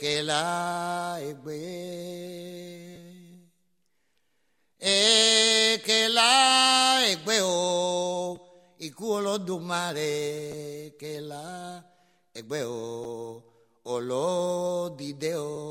ekela egbe ekela egbe o ikú Olódùmarè ekela egbe o olódìde o.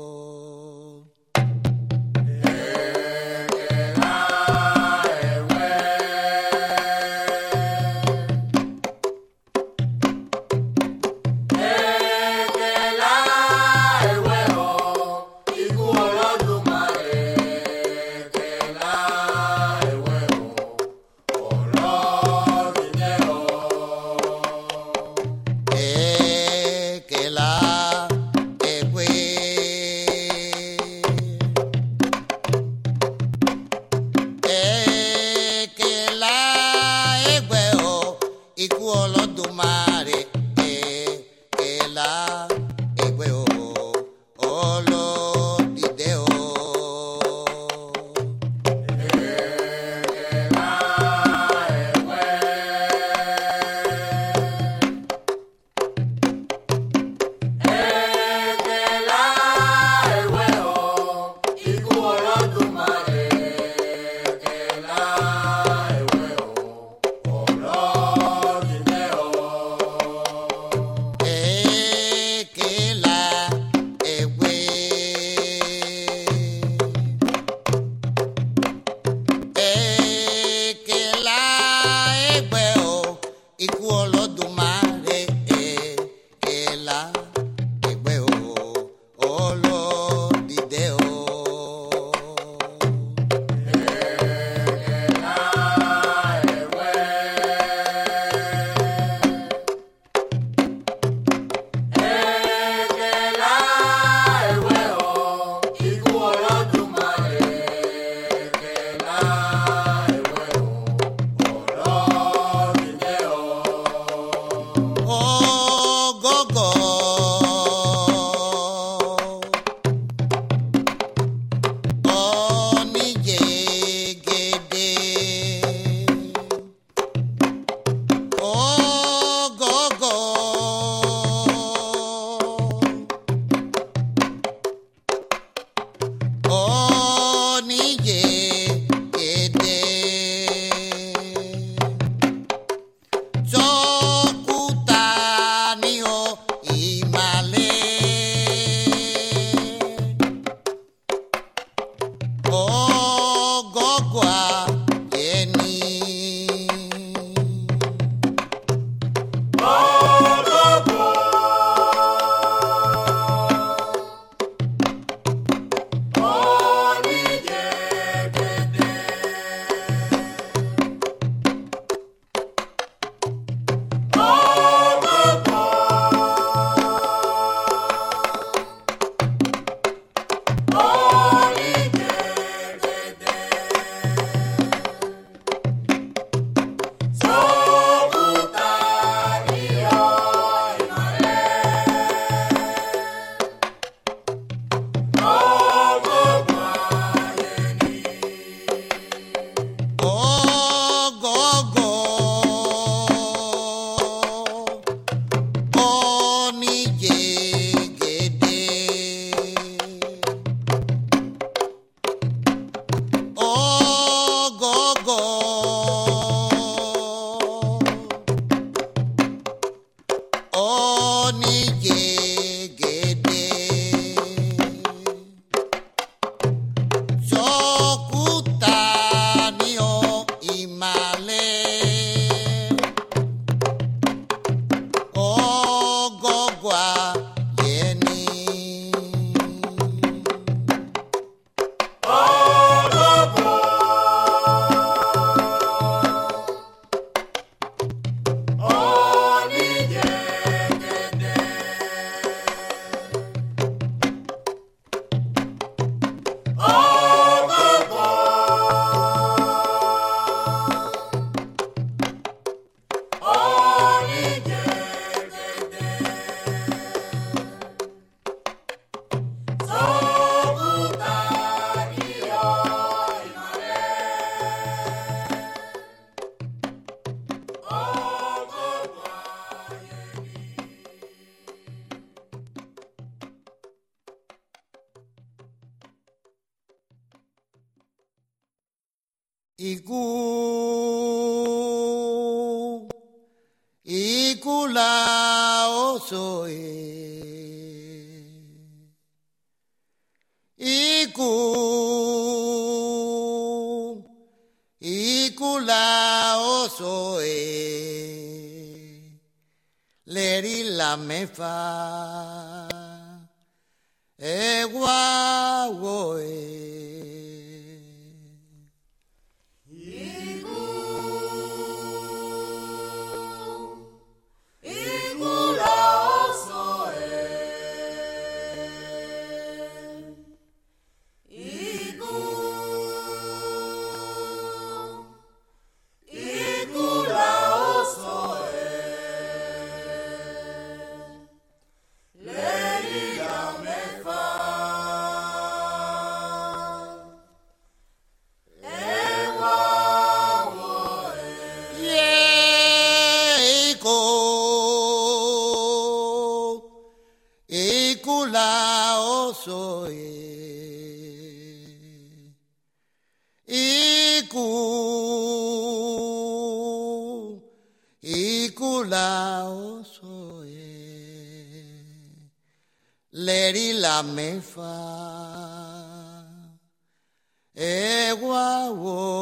iku ikula osoe iku ikula osoe leri la mefa egua la osoe leri la mefa eguao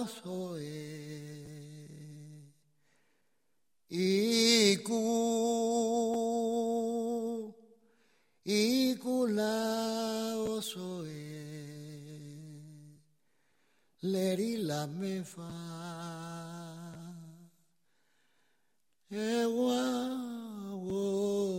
abrazo iku ikula osoe leri la mefa ewa wo